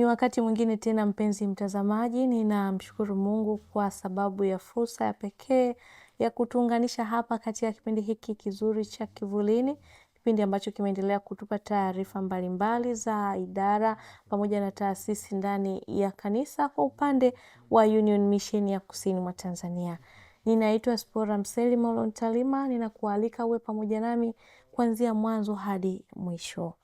Ni wakati mwingine tena, mpenzi mtazamaji, ninamshukuru Mungu kwa sababu ya fursa ya pekee ya kutuunganisha hapa katika kipindi hiki kizuri cha Kivulini, kipindi ambacho kimeendelea kutupa taarifa mbalimbali za idara pamoja na taasisi ndani ya kanisa kwa upande wa Union Mission ya kusini mwa Tanzania. Ninaitwa Spora Mseli Maulontalima, ninakualika uwe pamoja nami kuanzia mwanzo hadi mwisho.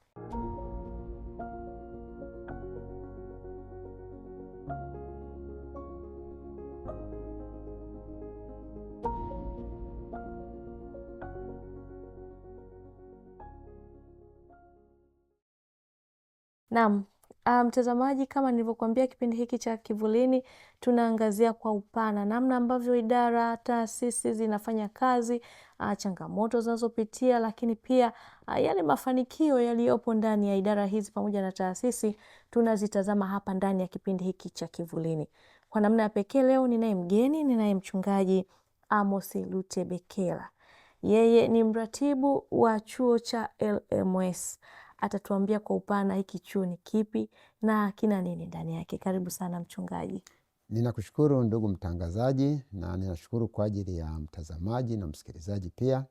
Naam, ah, mtazamaji um, kama nilivyokuambia kipindi hiki cha Kivulini tunaangazia kwa upana namna ambavyo idara, taasisi zinafanya kazi, uh, changamoto zinazopitia, lakini pia uh, yale mafanikio yaliyopo ndani ya idara hizi pamoja na taasisi tunazitazama hapa ndani ya kipindi hiki cha Kivulini. Kwa namna ya pekee leo ninaye mgeni, ninaye mchungaji Amos Lutebekela. Yeye ni mratibu wa chuo cha LMS atatuambia kwa upana hiki chuo ni kipi na kina nini ndani yake. Karibu sana mchungaji. Ninakushukuru ndugu mtangazaji, na ninashukuru kwa ajili ya mtazamaji na msikilizaji pia.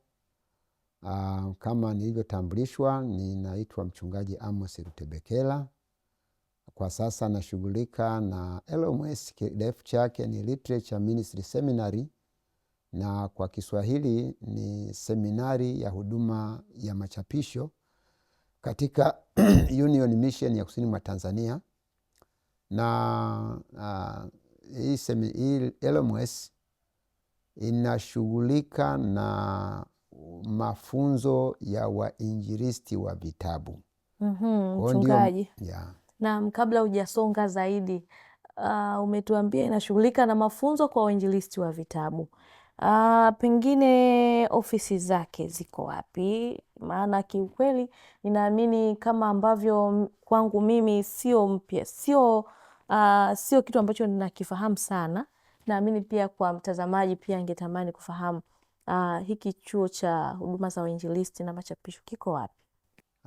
Uh, kama nilivyotambulishwa, ninaitwa mchungaji Amos Rutebekela. Kwa sasa nashughulika na LMS, kirefu chake ni Literature Ministry Seminary, na kwa Kiswahili ni seminari ya huduma ya machapisho katika Union Mission ya kusini mwa Tanzania na uh, hii, semi, hii LMS inashughulika na mafunzo ya wainjilisti wa vitabu mm -hmm, mchungaji yeah. Naam, kabla hujasonga zaidi uh, umetuambia inashughulika na mafunzo kwa wainjilisti wa vitabu uh, pengine ofisi zake ziko wapi? maana kiukweli ninaamini kama ambavyo kwangu mimi sio mpya, sio uh, sio kitu ambacho ninakifahamu sana. Naamini pia kwa mtazamaji pia angetamani kufahamu uh, hiki chuo cha huduma za uinjilisti na machapisho kiko wapi?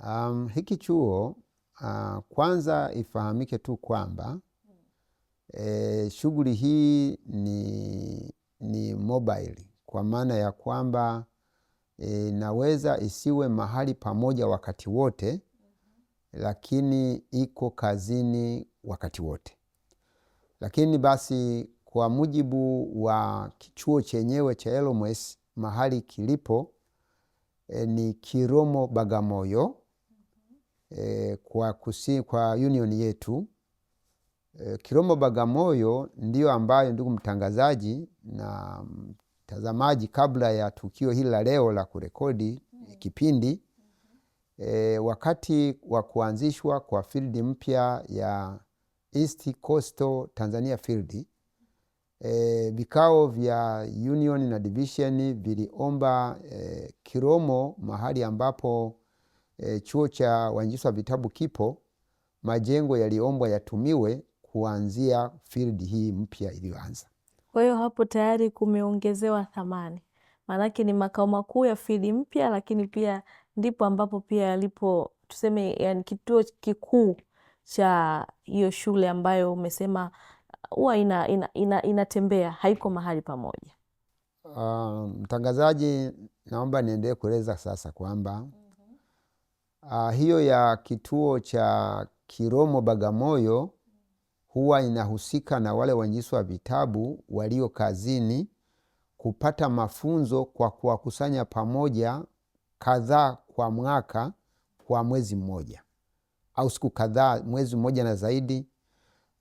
Um, hiki chuo uh, kwanza ifahamike tu kwamba E, shughuli hii ni, ni mobile kwa maana ya kwamba E, inaweza isiwe mahali pamoja wakati wote, lakini iko kazini wakati wote. Lakini basi kwa mujibu wa kichuo chenyewe cha Elomwes mahali kilipo e, ni Kiromo Bagamoyo e, kwa, kusi, kwa union yetu e, Kiromo Bagamoyo ndiyo ambayo ndugu mtangazaji na mtazamaji, kabla ya tukio hili la leo la kurekodi mm. kipindi mm -hmm. e, wakati wa kuanzishwa kwa field mpya ya East Coastal Tanzania Field e, vikao vya union na division viliomba e, Kiromo mahali ambapo e, chuo cha wanjiswa wa vitabu kipo, majengo yaliombwa yatumiwe kuanzia field hii mpya iliyoanza. Kwa hiyo hapo tayari kumeongezewa thamani, maanake ni makao makuu ya fidi mpya, lakini pia ndipo ambapo pia yalipo tuseme, yani kituo kikuu cha hiyo shule ambayo umesema huwa ina, ina, ina, inatembea haiko mahali pamoja. Um, mtangazaji, um, naomba niendelee kueleza sasa kwamba mm -hmm. uh, hiyo ya kituo cha Kiromo Bagamoyo huwa inahusika na wale waandishi wa vitabu walio kazini kupata mafunzo kwa kuwakusanya pamoja kadhaa kwa mwaka kwa mwezi mmoja au siku kadhaa mwezi mmoja na zaidi,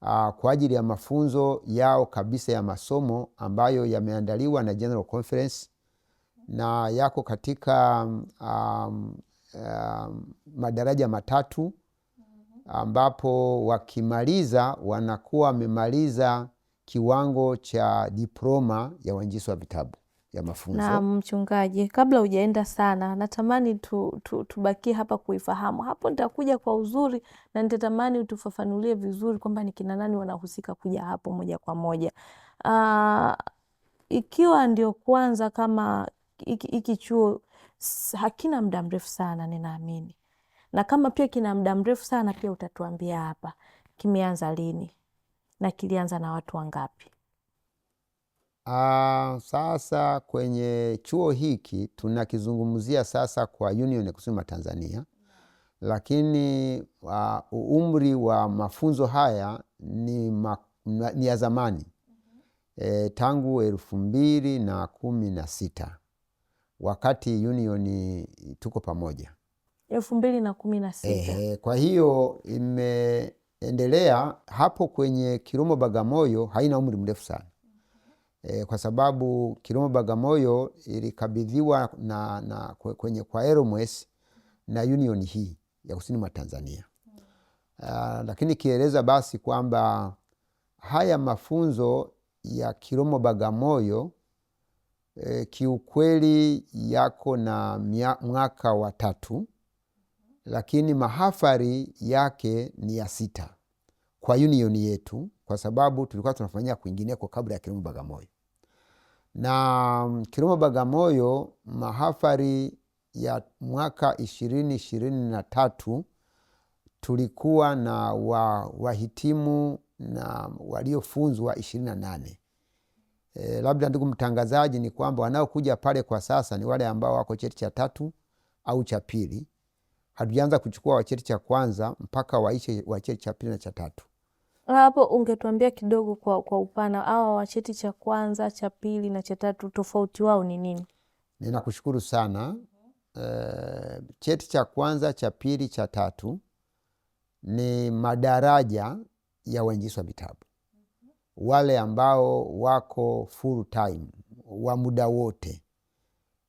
uh, kwa ajili ya mafunzo yao kabisa ya masomo ambayo yameandaliwa na General Conference na yako katika um, um, madaraja matatu ambapo wakimaliza wanakuwa wamemaliza kiwango cha diploma ya uandishi wa vitabu ya mafunzo. Na mchungaji, kabla hujaenda sana, natamani tu, tu, tubakie hapa kuifahamu. Hapo nitakuja kwa uzuri na nitatamani utufafanulie vizuri kwamba ni kina nani wanahusika kuja hapo moja kwa moja. Uh, ikiwa ndio kwanza kama hiki chuo hakina muda mrefu sana, ninaamini na kama pia kina muda mrefu sana, pia utatuambia hapa kimeanza lini na kilianza na watu wangapi. Uh, sasa kwenye chuo hiki tunakizungumzia sasa kwa Union Kusini Tanzania, lakini uh, umri wa mafunzo haya ni, ma, ni ya zamani mm -hmm. E, tangu elfu mbili na kumi na sita wakati Union tuko pamoja elfu mbili na kumi na sita. Ehe, kwa hiyo imeendelea hapo kwenye kiromo Bagamoyo, haina umri mrefu sana e, kwa sababu kiromo Bagamoyo ilikabidhiwa na, na, kwenye kwa Hermes na Union hii ya kusini mwa Tanzania. Uh, lakini kieleza basi kwamba haya mafunzo ya kiromo Bagamoyo eh, kiukweli yako na mwaka wa tatu lakini mahafari yake ni ya sita kwa unioni yetu, kwa sababu tulikuwa tunafanyia kwingineko kabla ya Kiruma Bagamoyo. Na mm, Kiruma Bagamoyo, mahafari ya mwaka ishirini ishirini na tatu tulikuwa na wahitimu na waliofunzwa ishirini na nane. E, labda ndugu mtangazaji, ni kwamba wanaokuja pale kwa sasa ni wale ambao wako cheti cha tatu au cha pili hatujaanza kuchukua wa cheti cha kwanza mpaka waishe wa cheti cha pili na cha tatu. Hapo ungetuambia kidogo kwa, kwa upana hawa wa cheti cha kwanza cha pili na cha tatu tofauti wao ni nini? Ninakushukuru sana. Uh, cheti cha kwanza cha pili cha tatu ni madaraja ya wainjiswa vitabu wale ambao wako full time wa muda wote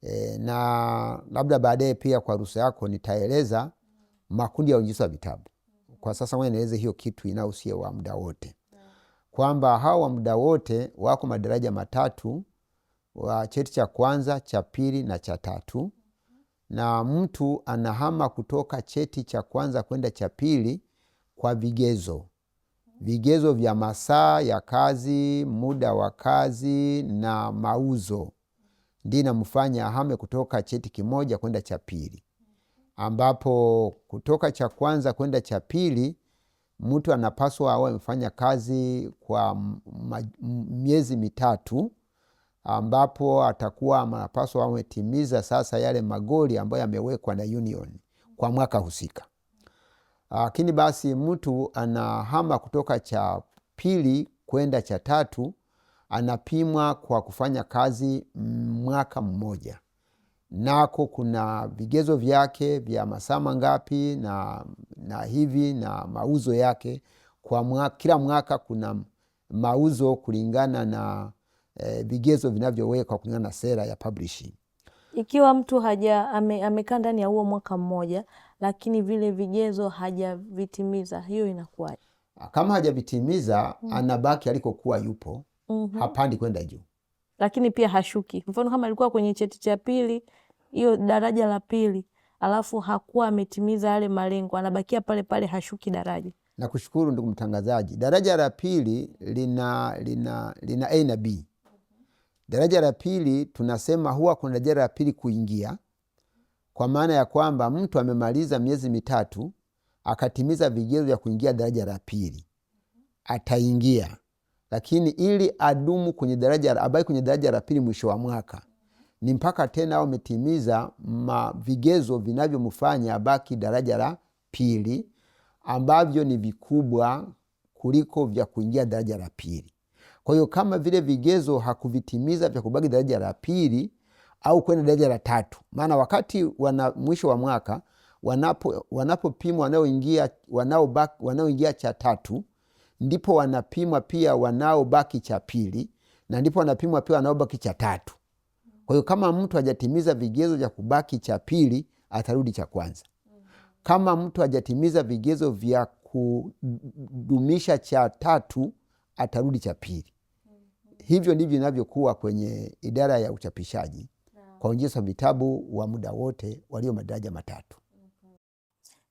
e, na labda baadaye pia kwa ruhusa yako nitaeleza makundi ya uinjilisti wa vitabu. Kwa sasa ngoja nieleze hiyo kitu inahusia wa muda wote, kwamba hao wa muda wote wako madaraja matatu wa cheti cha kwanza, cha pili na cha tatu, na mtu anahama kutoka cheti cha kwanza kwenda cha pili kwa vigezo vigezo vya masaa ya kazi, muda wa kazi na mauzo ndi namfanya ahame kutoka cheti kimoja kwenda cha pili, ambapo kutoka cha kwanza kwenda cha pili mtu anapaswa awe amefanya kazi kwa miezi mitatu, ambapo atakuwa anapaswa ametimiza sasa yale magoli ambayo yamewekwa na union kwa mwaka husika. Lakini basi mtu anahama kutoka cha pili kwenda cha tatu anapimwa kwa kufanya kazi mwaka mmoja, nako kuna vigezo vyake vya masaa mangapi na, na hivi na mauzo yake kwa mwa, kila mwaka kuna mauzo kulingana na eh, vigezo vinavyowekwa kulingana na sera ya publishing. Ikiwa mtu haja amekaa ndani ya huo mwaka mmoja, lakini vile vigezo hajavitimiza, hiyo inakuwaje? Kama hajavitimiza, hmm, anabaki alikokuwa yupo -hmm. hapandi kwenda juu, lakini pia hashuki. Mfano kama alikuwa kwenye cheti cha pili, hiyo daraja la pili, alafu hakuwa ametimiza yale malengo, anabakia pale pale, hashuki daraja. Nakushukuru ndugu mtangazaji. Daraja la pili lina, lina, lina A na B. Daraja la pili tunasema huwa kuna daraja la pili kuingia, kwa maana ya kwamba mtu amemaliza miezi mitatu akatimiza vigezo vya kuingia daraja la pili, ataingia lakini ili adumu kwenye daraja abaki kwenye daraja la pili mwisho wa mwaka ni mpaka tena ametimiza mavigezo vinavyomfanya abaki daraja la pili ambavyo ni vikubwa kuliko vya kuingia daraja la pili. Kwa hiyo kama vile vigezo hakuvitimiza vya kubaki daraja la pili au kwenda daraja la tatu, maana wakati wana mwisho wa mwaka wanapopimwa wanaoingia wanaoingia cha tatu ndipo wanapimwa pia wanaobaki cha pili, na ndipo wanapimwa pia wanaobaki cha tatu. Kwa hiyo kama mtu hajatimiza vigezo vya kubaki cha pili, atarudi cha kwanza. Kama mtu hajatimiza vigezo vya kudumisha cha tatu, atarudi cha pili. Hivyo ndivyo inavyokuwa kwenye idara ya uchapishaji kwa uingizi vitabu wa muda wote walio madaraja matatu.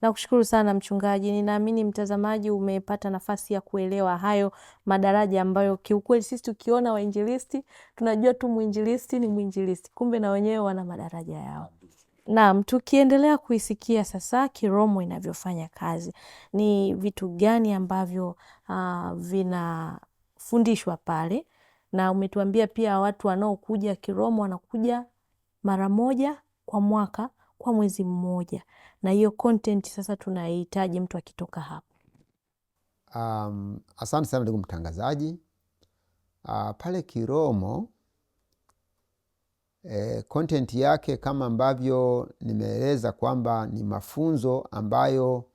Nakushukuru sana mchungaji, ninaamini mtazamaji umepata nafasi ya kuelewa hayo madaraja ambayo kiukweli sisi tukiona wainjilisti tunajua tu mwinjilisti ni mwinjilisti, kumbe na wenyewe wana madaraja yao. Naam, tukiendelea kuisikia sasa Kiromo inavyofanya kazi, ni vitu gani ambavyo uh, vinafundishwa pale, na umetuambia pia watu wanaokuja Kiromo wanakuja mara moja kwa mwaka kwa mwezi mmoja, na hiyo content sasa tunahitaji mtu akitoka hapo. Um, asante sana ndugu mtangazaji. Uh, pale Kiromo eh, content yake kama ambavyo nimeeleza kwamba ni mafunzo ambayo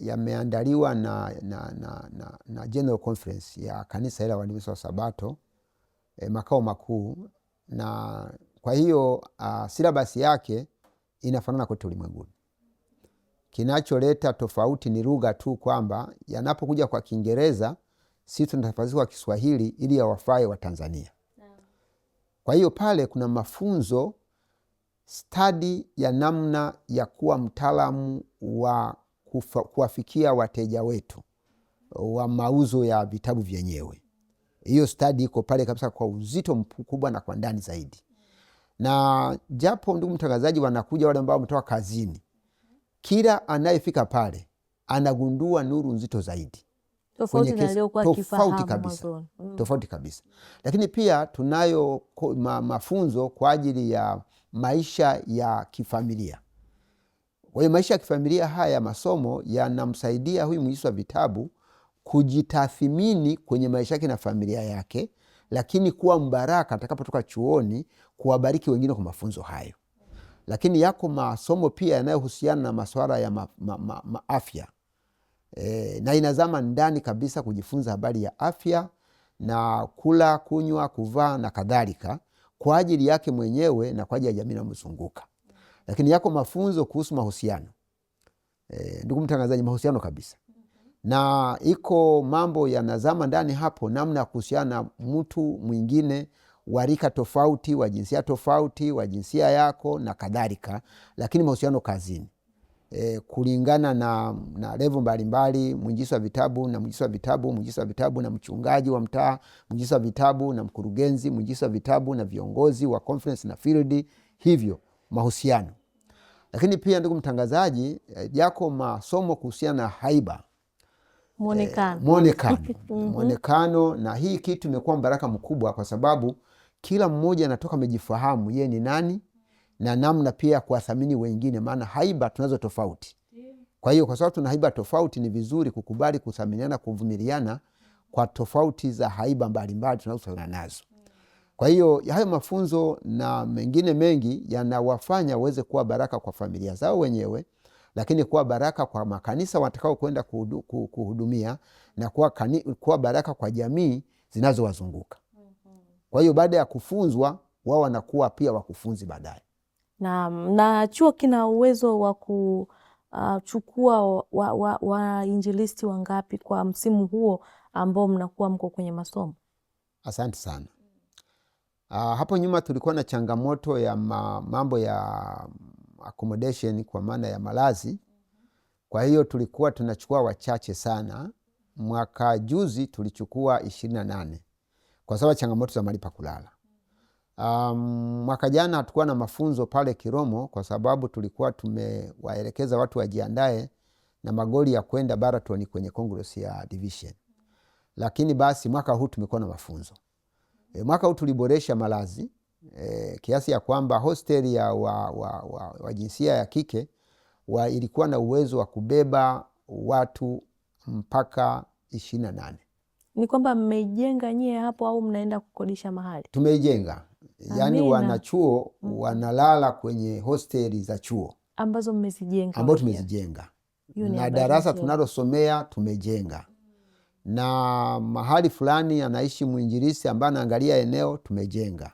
yameandaliwa na, na, na, na, na General Conference ya Kanisa la Waadventista wa Sabato eh, makao makuu na kwa hiyo uh, ah, silabasi yake inafanana kote ulimwenguni. Kinacholeta tofauti ni lugha tu, kwamba yanapokuja kwa Kiingereza sisi tunatafasiri kwa Kiswahili ili yawafae Tanzania. Kwa hiyo pale kuna mafunzo stadi ya namna ya kuwa mtaalamu wa kuwafikia wateja wetu wa mauzo ya vitabu vyenyewe. Hiyo stadi iko pale kabisa kwa uzito mkubwa na kwa ndani zaidi na japo, ndugu mtangazaji, wanakuja wale ambao wametoka kazini, kila anayefika pale anagundua nuru nzito zaidi tofauti, tofauti kabisa, mm. tofauti kabisa. Lakini pia tunayo ma, mafunzo kwa ajili ya maisha ya kifamilia. Kwa hiyo maisha ya kifamilia haya masomo yanamsaidia huyu mwinjilisti wa vitabu kujitathimini kwenye maisha yake na familia yake, lakini kuwa mbaraka atakapotoka chuoni kuwabariki wengine kwa mafunzo hayo. Lakini yako masomo pia yanayohusiana na masuala ya ma, ma, ma, ma afya e, na inazama ndani kabisa kujifunza habari ya afya na kula, kunywa, kuvaa na kadhalika kwa ajili yake mwenyewe na kwa ajili ya jamii inayomzunguka. Lakini yako mafunzo kuhusu mahusiano e, ndugu mtangazaji, mahusiano kabisa na iko mambo yanazama ndani hapo, namna ya kuhusiana na mtu mwingine wa rika tofauti, wa jinsia tofauti, wa jinsia yako na kadhalika, lakini mahusiano kazini E, kulingana na, na levo mbalimbali, mwinjisi wa vitabu na mwinjisi wa vitabu, mwinjisi wa vitabu na mchungaji wa mtaa, mwinjisi wa vitabu na mkurugenzi, mwinjisi wa vitabu na viongozi wa conference na field, hivyo mahusiano. Lakini pia ndugu mtangazaji, e, yako masomo kuhusiana na haiba, mwonekano, e, mwonekano, mhm. mwonekano na hii kitu imekuwa mbaraka mkubwa kwa sababu kila mmoja anatoka amejifahamu yeye ni nani na namna pia ya kuwathamini wengine, maana haiba tunazo tofauti. Kwa hiyo kwa sababu tuna haiba tofauti, ni vizuri kukubali kuthaminiana, kuvumiliana kwa tofauti za haiba mbalimbali tunazotokana nazo. Kwa hiyo hayo mafunzo na mengine mengi yanawafanya waweze kuwa baraka kwa familia zao wenyewe, lakini kuwa baraka kwa makanisa watakao kwenda kuhudumia na kuwa, kani, kuwa baraka kwa jamii zinazowazunguka. Kwa hiyo baada ya kufunzwa wao wanakuwa pia wakufunzi baadaye. Naam, na chuo kina uwezo wa kuchukua uh, wainjilisti wa, wa wangapi kwa msimu huo ambao mnakuwa mko kwenye masomo? Asante sana. Uh, hapo nyuma tulikuwa na changamoto ya ma, mambo ya accommodation kwa maana ya malazi. Kwa hiyo tulikuwa tunachukua wachache sana. Mwaka juzi tulichukua ishirini na nane kwa sababu changamoto za mahali pa kulala. Um, mwaka jana hatukuwa na mafunzo pale Kiromo kwa sababu tulikuwa tumewaelekeza watu wajiandae na magoli ya kwenda Baraton kwenye Congress ya Division. Lakini basi mwaka huu tumekuwa na mafunzo. E, mwaka huu tuliboresha malazi e, kiasi ya kwamba hosteli ya wa, wa, wa, wa jinsia ya kike wa ilikuwa na uwezo wa kubeba watu mpaka ishirini na nane. Ni kwamba mmeijenga nyie hapo au mnaenda kukodisha mahali? Tumeijenga, yaani wanachuo mm. wanalala kwenye hosteli za chuo ambazo mmezijenga, ambazo tumezijenga na darasa tunalosomea tumejenga, na mahali fulani anaishi mwinjilisi ambaye anaangalia eneo tumejenga.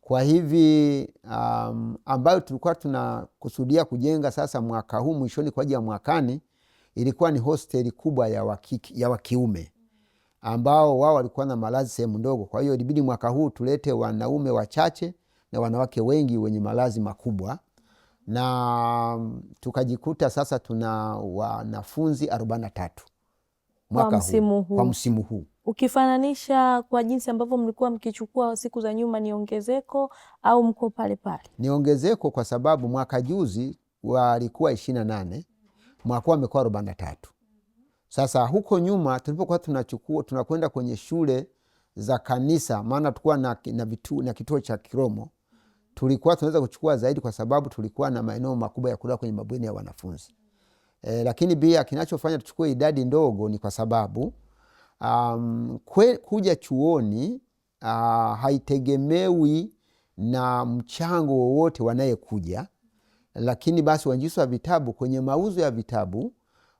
Kwa hivi um, ambayo tulikuwa tunakusudia kujenga sasa mwaka huu mwishoni kwa ajili ya mwakani, ilikuwa ni hosteli kubwa ya, wakiki, ya wakiume ambao wao walikuwa na malazi sehemu ndogo. Kwa hiyo ilibidi mwaka huu tulete wanaume wachache na wanawake wengi wenye malazi makubwa, na mm, tukajikuta sasa tuna wanafunzi arobaini na tatu mwaka huu kwa msimu huu. Ukifananisha kwa jinsi ambavyo mlikuwa mkichukua siku za nyuma, ni ongezeko au mko pale pale? Ni ongezeko kwa sababu mwaka juzi walikuwa ishirini na nane mwaka huu amekuwa arobaini na tatu. Sasa huko nyuma tulipokuwa tunachukua tunakwenda kwenye shule za kanisa, maana tulikuwa na, na, na kituo cha Kiromo, tulikuwa tunaweza kuchukua zaidi kwa sababu tulikuwa na maeneo makubwa ya kulala kwenye mabweni ya wanafunzi e, lakini pia kinachofanya tuchukue idadi ndogo ni kwa sababu um, kwe, kuja chuoni uh, haitegemewi na mchango wowote wanayekuja, lakini basi wanjiswa vitabu kwenye mauzo ya vitabu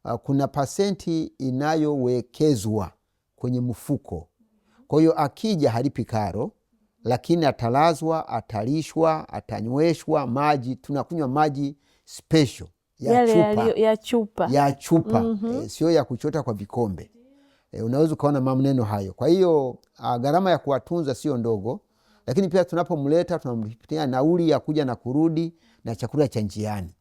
Ah, kuna pasenti inayowekezwa kwenye mfuko. Kwa hiyo akija halipi karo, lakini atalazwa, atalishwa, atanyweshwa maji. Tunakunywa maji special ya, chupa. ya chupa, ya chupa. Mm -hmm. E, sio ya kuchota kwa vikombe. E, unaweza ukaona maneno hayo. Kwa hiyo ah, gharama ya kuwatunza sio ndogo, lakini pia tunapomleta tunamlipia nauli ya kuja na kurudi na chakula cha njiani.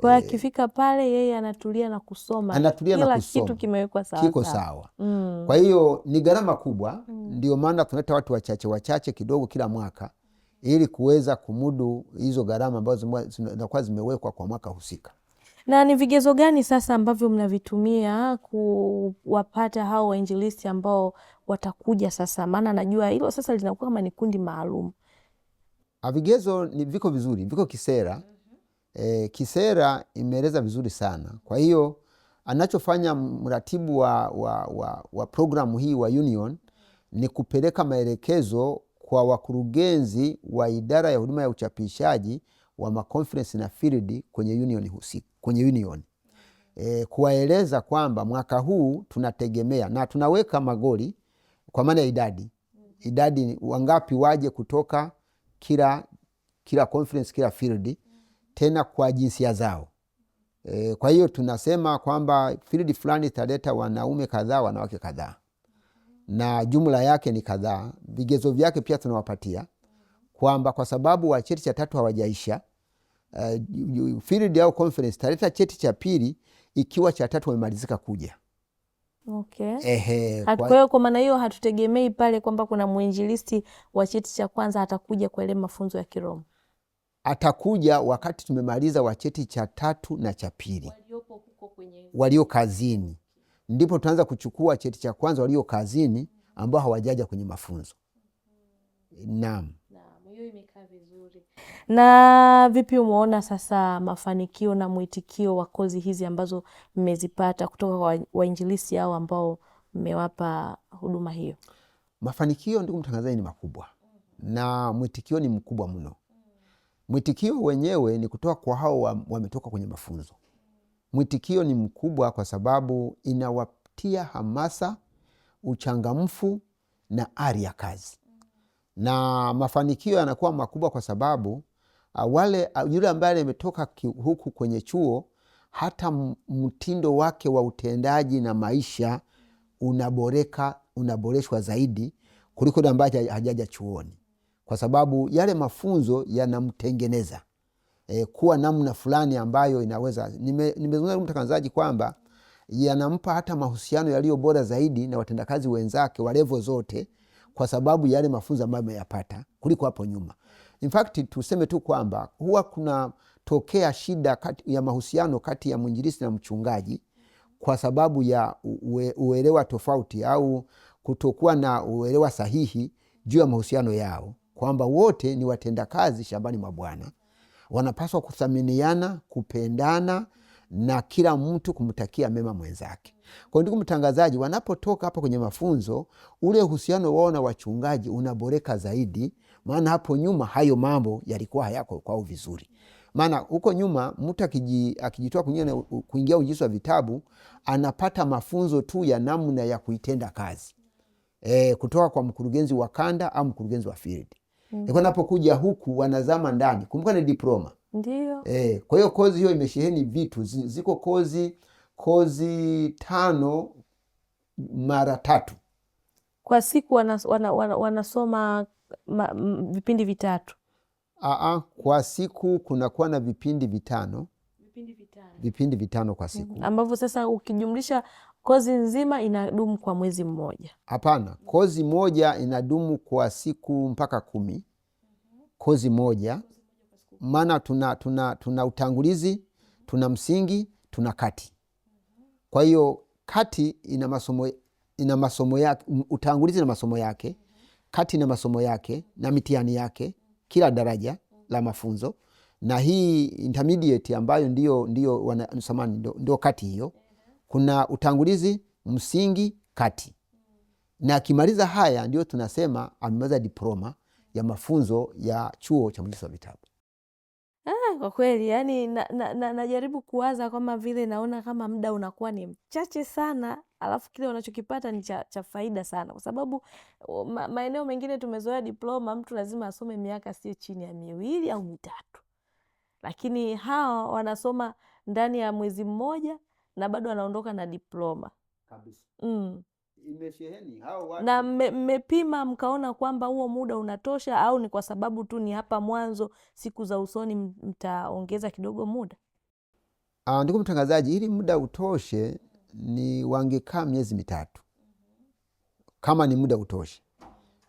Kwa hiyo eh. akifika pale yeye anatulia na kusoma, anatulia na kusoma. Kitu kimewekwa sawa, kiko sawa mm. Kwa hiyo ni gharama kubwa mm. Ndio maana tunaleta watu wachache wachache kidogo kila mwaka ili kuweza kumudu hizo gharama ambazo zinakuwa zimewekwa kwa mwaka husika. Na ni vigezo gani sasa ambavyo mnavitumia kuwapata hao wainjilisti ambao watakuja sasa? Maana najua hilo sasa linakuwa kama ni kundi maalum. Ah, vigezo ni viko vizuri, viko kisera e, kisera imeeleza vizuri sana. Kwa hiyo anachofanya mratibu wa, wa, wa, wa programu hii wa Union ni kupeleka maelekezo kwa wakurugenzi wa idara ya huduma ya uchapishaji wa makonferensi na field kwenye union husika, kwenye union e, kuwaeleza kwamba mwaka huu tunategemea na tunaweka magoli kwa maana ya idadi idadi wangapi waje kutoka kila kila conference kila field tena kwa jinsia zao. E, kwa hiyo tunasema kwamba field fulani italeta wanaume kadhaa, wanawake kadhaa, na jumla yake ni kadhaa. Vigezo vyake pia tunawapatia kwamba kwa sababu wa cheti cha tatu hawajaisha uh, field au conference italeta cheti cha pili ikiwa cha tatu wamemalizika kuja. Okay. Ehe, kwa hiyo kwa maana hiyo hatutegemei pale kwamba kuna mwinjilisti wa cheti cha kwanza atakuja kwa ile mafunzo ya kiroma atakuja wakati tumemaliza wa cheti cha tatu na cha pili, walio kazini, ndipo tunaanza kuchukua cheti cha kwanza walio kazini ambao hawajaja kwenye mafunzo. Naam, Na vipi umeona sasa mafanikio na mwitikio wa kozi hizi ambazo mmezipata kutoka kwa wainjilisi hao ambao mmewapa huduma hiyo? Mafanikio, ndugu mtangazaji, ni makubwa na mwitikio ni mkubwa mno. Mwitikio wenyewe ni kutoka kwa hao wametoka kwenye mafunzo. Mwitikio ni mkubwa kwa sababu inawatia hamasa, uchangamfu na ari ya kazi, na mafanikio yanakuwa makubwa kwa sababu wale yule ambaye ametoka huku kwenye chuo, hata mtindo wake wa utendaji na maisha unaboreka, unaboreshwa zaidi kuliko yule ambaye hajaja chuoni kwa sababu yale mafunzo yanamtengeneza e, kuwa namna fulani ambayo inaweza nimezungumza nime mtangazaji kwamba yanampa hata mahusiano yaliyo bora zaidi na watendakazi wenzake wa levo zote, kwa sababu yale mafunzo ambayo ameyapata kuliko hapo nyuma. In fact tuseme tu kwamba huwa kunatokea shida kati ya mahusiano kati ya mwinjilisi na mchungaji kwa sababu ya uwe, uelewa tofauti au kutokuwa na uelewa sahihi juu ya mahusiano yao kwamba wote ni watendakazi shambani mwa Bwana, wanapaswa kuthaminiana, kupendana na kila mtu kumtakia mema mwenzake. Kwa ndugu mtangazaji, wanapotoka hapa kwenye mafunzo, ule uhusiano wao na wachungaji unaboreka zaidi, maana hapo nyuma hayo mambo yalikuwa hayako kwao vizuri. Maana huko nyuma mtu akijitoa kuingia uinjisi wa vitabu anapata mafunzo tu ya namna ya kuitenda kazi e, kutoka kwa mkurugenzi wa kanda au mkurugenzi wa field Mm. Nilikuwa napokuja huku wanazama ndani. Kumbuka ni diploma. Ndio. Eh, kwa hiyo kozi hiyo imesheheni vitu. Ziko kozi kozi tano mara tatu kwa siku wanas, wana, wana, wanasoma ma, m, vipindi vitatu. Aa, kwa siku kunakuwa na vipindi vitano, vipindi vitano, vipindi vitano kwa siku ambavyo sasa ukijumlisha kozi nzima inadumu kwa mwezi mmoja? Hapana, kozi moja inadumu kwa siku mpaka kumi. Kozi moja maana tuna, tuna, tuna utangulizi, tuna msingi, tuna kati. Kwa hiyo kati ina masomo, ina masomo yake, utangulizi na masomo yake, kati na masomo yake na mitihani yake, kila daraja la mafunzo na hii intermediate ambayo ndio ndio wanasamani ndio kati hiyo kuna utangulizi, msingi, kati na akimaliza haya ndio tunasema amemaliza diploma ya mafunzo ya chuo cha mwandishi wa vitabu. Ah, kwa kweli yani najaribu na, na, najaribu kuwaza kama vile naona kama muda unakuwa ni mchache sana, alafu kile unachokipata ni cha, cha faida sana, kwa sababu ma, maeneo mengine tumezoea diploma mtu lazima asome miaka sio chini ya miwili au mitatu, lakini hawa wanasoma ndani ya mwezi mmoja na bado anaondoka na diploma Mm. Imesheheni hao watu. Na mmepima mkaona kwamba huo muda unatosha, au ni kwa sababu tu ni hapa mwanzo, siku za usoni mtaongeza kidogo muda? Uh, ndugu mtangazaji, ili muda utoshe ni wangekaa miezi mitatu kama ni muda utoshe,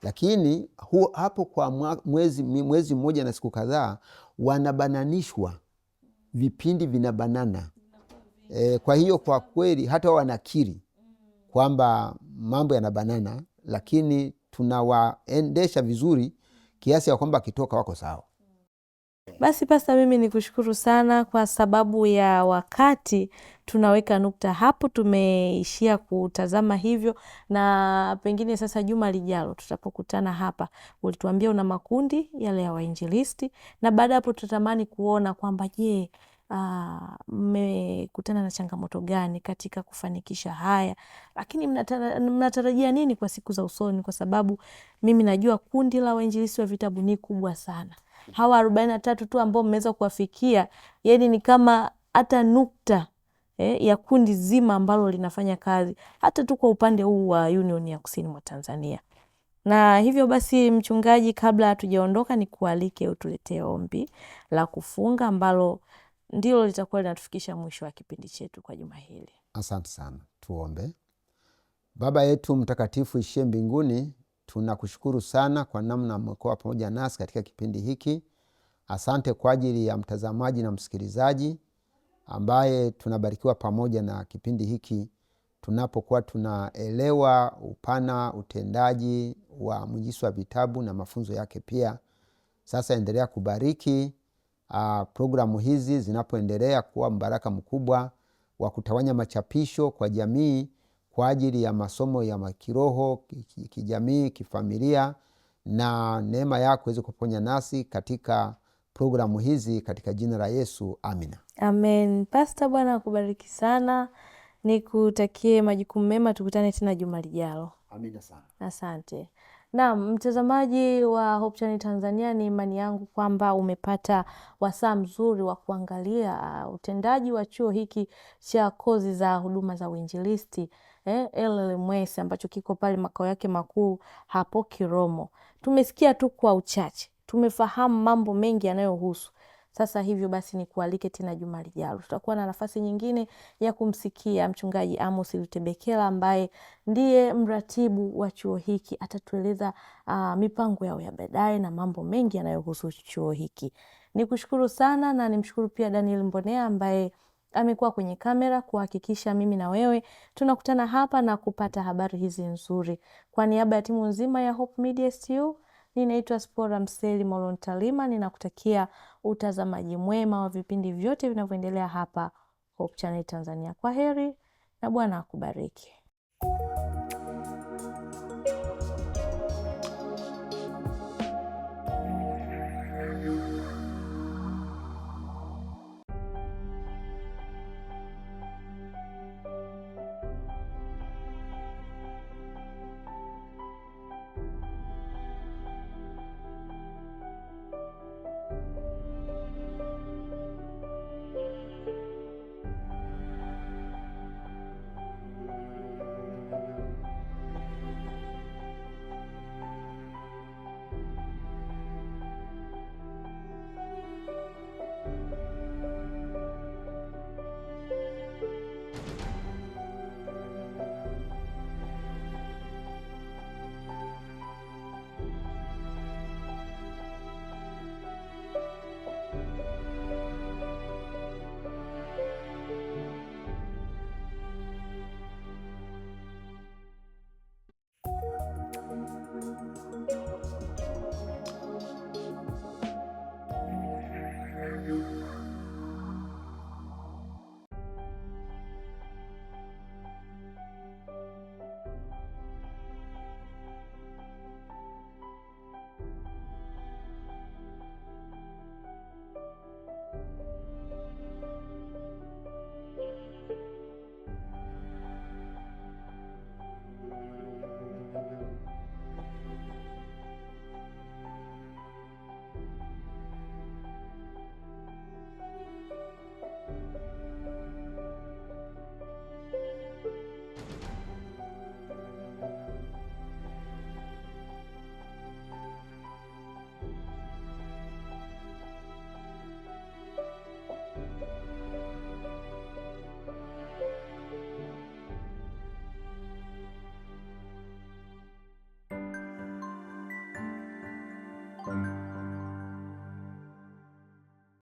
lakini hu, hapo kwa mwezi, mwezi mmoja na siku kadhaa wanabananishwa, vipindi vinabanana E, kwa hiyo kwa kweli hata wao wanakiri kwamba mambo yanabanana, lakini tunawaendesha vizuri kiasi ya kwamba akitoka wako sawa. Basi Pasta, mimi ni kushukuru sana kwa sababu ya wakati, tunaweka nukta hapo. Tumeishia kutazama hivyo, na pengine sasa juma lijalo tutapokutana hapa, ulituambia una makundi yale ya wainjilisti, na baada ya hapo tutatamani kuona kwamba je, Ah, mmekutana na changamoto gani katika kufanikisha haya, lakini mnatarajia nini kwa siku za usoni, kwa sababu mimi najua kundi la wainjilisi wa vitabu ni kubwa sana. Hawa arobaini na tatu tu ambao mmeweza kuwafikia, yani ni kama hata nukta eh, ya kundi zima ambalo linafanya kazi hata tu kwa upande huu wa Union ya Kusini mwa Tanzania. Na hivyo basi, mchungaji, kabla hatujaondoka, nikualike utuletee ombi la kufunga ambalo ndilo litakuwa linatufikisha mwisho wa kipindi chetu kwa juma hili. Asante sana, tuombe. Baba yetu mtakatifu ishie mbinguni, tunakushukuru sana kwa namna mmekuwa pamoja nasi katika kipindi hiki. Asante kwa ajili ya mtazamaji na msikilizaji ambaye tunabarikiwa pamoja na kipindi hiki tunapokuwa tunaelewa upana utendaji wa wa vitabu na mafunzo yake pia. Sasa endelea kubariki uh, programu hizi zinapoendelea kuwa mbaraka mkubwa wa kutawanya machapisho kwa jamii kwa ajili ya masomo ya kiroho, kijamii, kifamilia na neema yako iweze kuponya nasi katika programu hizi katika jina la Yesu, amina. Amen. Pasta, Bwana akubariki sana, nikutakie majukumu mema, tukutane tena juma lijalo. Amina sana, asante. Naam, mtazamaji wa Hope Channel Tanzania, ni imani yangu kwamba umepata wasaa mzuri wa kuangalia uh, utendaji wa chuo hiki cha kozi za huduma za uinjilisti eh, LLMS ambacho kiko pale makao yake makuu hapo Kiromo. Tumesikia tu kwa uchache, tumefahamu mambo mengi yanayohusu sasa hivyo basi, nikualike tena juma lijalo, tutakuwa na nafasi nyingine ya kumsikia Mchungaji Amos Lutebekela ambaye ndiye mratibu wa chuo hiki. Atatueleza uh, mipango yao ya baadaye na mambo mengi yanayohusu chuo hiki. Nikushukuru sana na nimshukuru pia Daniel Mbonea ambaye amekuwa kwenye kamera kuhakikisha mimi na wewe tunakutana hapa na kupata habari hizi nzuri. Kwa niaba ya timu nzima ya Hope Media Ninaitwa Spora Mseli Molontalima, ninakutakia utazamaji mwema wa vipindi vyote vinavyoendelea hapa Hope Channel Tanzania. Kwa heri na Bwana akubariki.